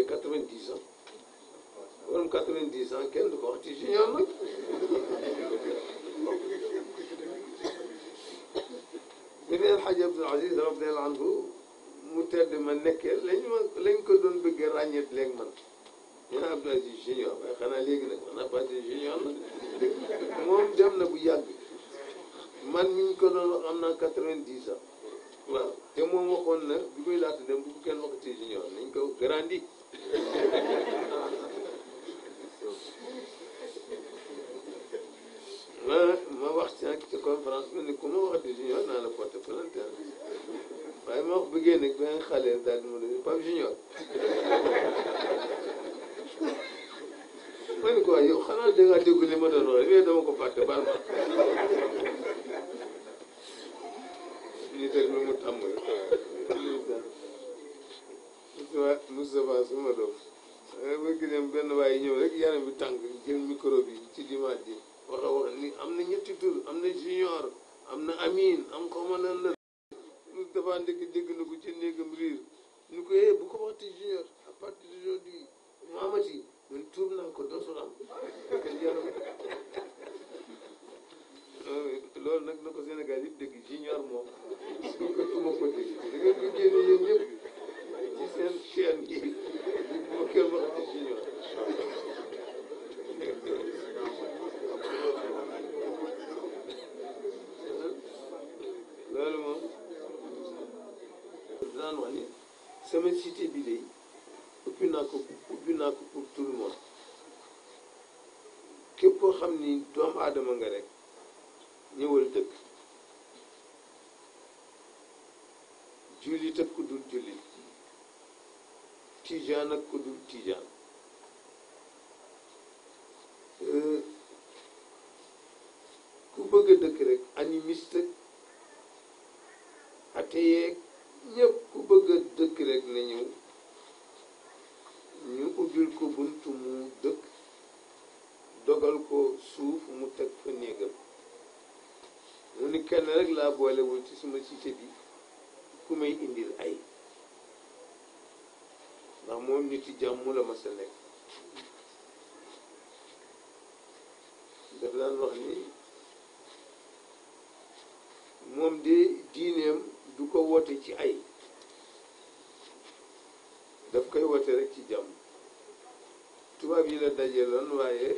j'ai quatre-vingt-dix ans borom quatre-vingt-dix ans kenn du ko wax ci junior nag bi ne El Hadj Abdoul Aziz radiyallahu anhu mu tedd ma junior waaye xanaa léegi nag moom dem na bu yàgg man mi ko doon wax am naa quatre-vingt-dix ans waaw te moom waxoon na bi koy laata dem bu ko kenn wax ci junior nañ ko grandi loolu ma wax ci ak ci conférence bi ni ku wax di junior naa la porté plainte waaye ma wax bëggee nag benn xale daal mu ne Junior ma ne ko waaye yow xanaa da ngaa déglu li ma doon wax mais dama ko fàtte baal ma ministère bi mu tàmm Moustapha Moustapha sama doom bëgg dem benn waaye ñëw rek yaram bi tàng jël micro bi ci dimanche ji wax a wax ni am na ñetti tur am na junior am na amin am xawma lan la Moustapha ndekk dégg na ko ci néegam riir ñu ko yee eh, bu ko waxte junior à partir d'aujourd'hui maamati man tuub naa ko dootul naan sama cité bi lay naa ko ubbi naa ko pour tout képp koo xam ni doomu aadama nga rek ñëwal dëkk jullit ak ku dul tijaan ak ku tijaan ku bëgg dëkk rek animiste ak ñëpp ku bëgg dëkk rek nañu ñu ubbil ko bunt mu dëkk dogal ko suuf mu teg fa néegam mu ni kenn rek laa boolewul ci suma cité yi ku may indil ay ndax moom nit yi jàmm mu la ma nekk daf daan wax ni moom de diineem du ko woote ci ay daf koy woote rekk ci jàmm tubaab yi la daje loon waaye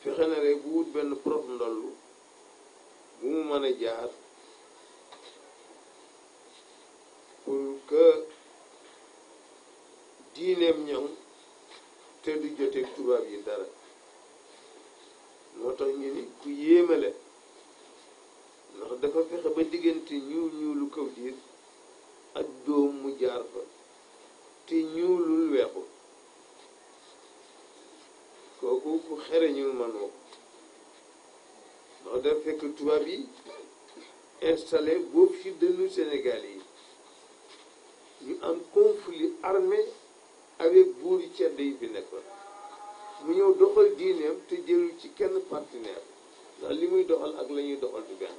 fexe na rek bu wut benn prof ndollu bu mu mën a jaar pour que diineem ñoŋ te du joteeg tubaab yi dara moo tax ñu ni ku yéemale dafa fexe ba diggante ñuul ñuulu kaw jiir ak dóom mu jaar fa te ñuulul weexul kooku ku xere ñuul man woo ndax dafa fekk tubaab yi installé boobu ci dënnu Sénégal yi ñu am conflit armé avec buuri cedd yi fi nekkoon mu ñëw doxal diineem te jëlu ci kenn partenaire ndax li muy doxal ak la ñuy doxal du benn